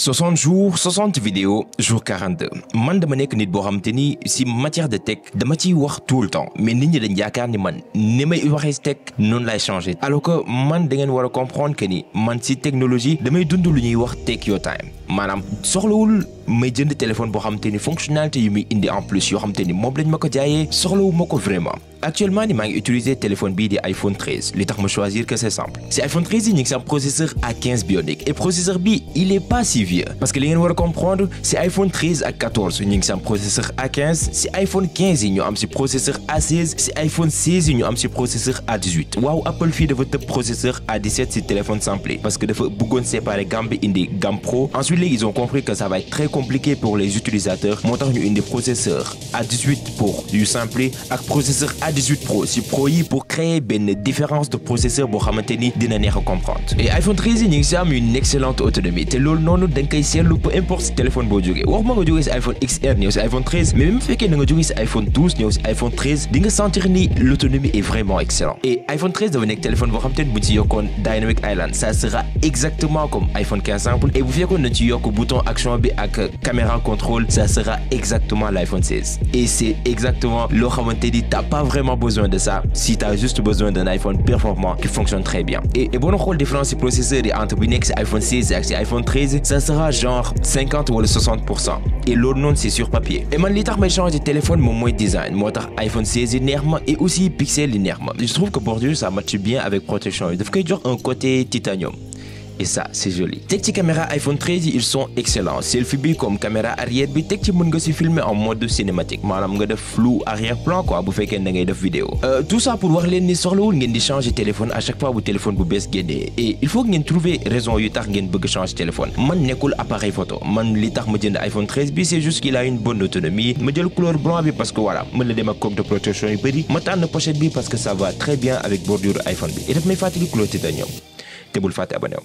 60 jours 60 vidéos jour 42 man dama nekk nit bo xam si matière de tech dama ci wax tout le temps mais nit ñi dañ yaakaar ni man ni may waxee tech non lay changé alors que man da ngeen war comprendre que ni man si technologie damay dund lu ñuy wax tech your time manam soxlawul may jënd téléphone bo xam te fonctionnalité yu muy indi en plus yo xam te ni lañ mako jaayé soxlawu ma vraiment actuellement ni vais utiliser téléphone B de iPhone 13 li tax choisir que c'est simple C'est iPhone 13 yi un processeur A15 Bionic et processeur B, il est pas si vieux parce que les gens vont comprendre c'est iPhone 13 à 14 il ngi processeur A15 si iPhone 15 yi ñu processeur A16 si iPhone 16 yi ñu processeur A18 waaw Apple fait de votre processeur A17 si téléphone simple parce que dafa vous séparer gamme pas des gamme pro ensuite ils ont compris que ça va être très compliqué pour les utilisateurs montant une des processeurs processeur A18 pour du samplé ak processeur A 18 Pro si Pro pour créer une différence de processeur pour comprendre et iPhone 13 il y une excellente autonomie peu importe téléphone iPhone XR ni iPhone 13 mais même fait que iPhone 12 ni iPhone 13 l'autonomie est vraiment excellent et iPhone 13 téléphone Dynamic Island ça sera exactement comme iPhone 15 simple et vous qu'on ne ci bouton action bi caméra contrôle ça sera exactement l'iPhone 16 et c'est exactement le dit t'as pas vraiment besoin de ça si tu as juste besoin d'un iPhone performant qui fonctionne très bien et bon en xool différence ces processeur entre le iPhone 16 et iPhone 13 ça sera genre 50 ou 60 et l'autre non c'est sur papier et man les tax de de téléphone mon moins design moi iPhone 16 linéairement et aussi pixel linéairement je trouve que pour Dieu ça matche bien avec protection Il devrait que un côté titanium et ça c'est joli Tekti caméra iPhone 13 ils sont excellents selfie bi comme caméra arrière bi teg ci filmer en mode cinématique Manam nga def flou arrière plan quoi bu fekkee da ngay def vidéo euh, tout ça pour wax sur ni haut, ngén di changer téléphone à chaque fois bu téléphone bu baisse et il faut trouver trouver raison yu tax ngén bëgg changer téléphone man nekul appareil photo man li tax ma jënd iPhone 13 bi c'est juste qu'il a une bonne autonomie ma jël couleur blanc bi parce que voilà mën le dem ak coque de protection yu bëri ma pochette bi parce que ça va très bien avec bordure iPhone bi et daf may fatigué couleur titanium te bul faté abonné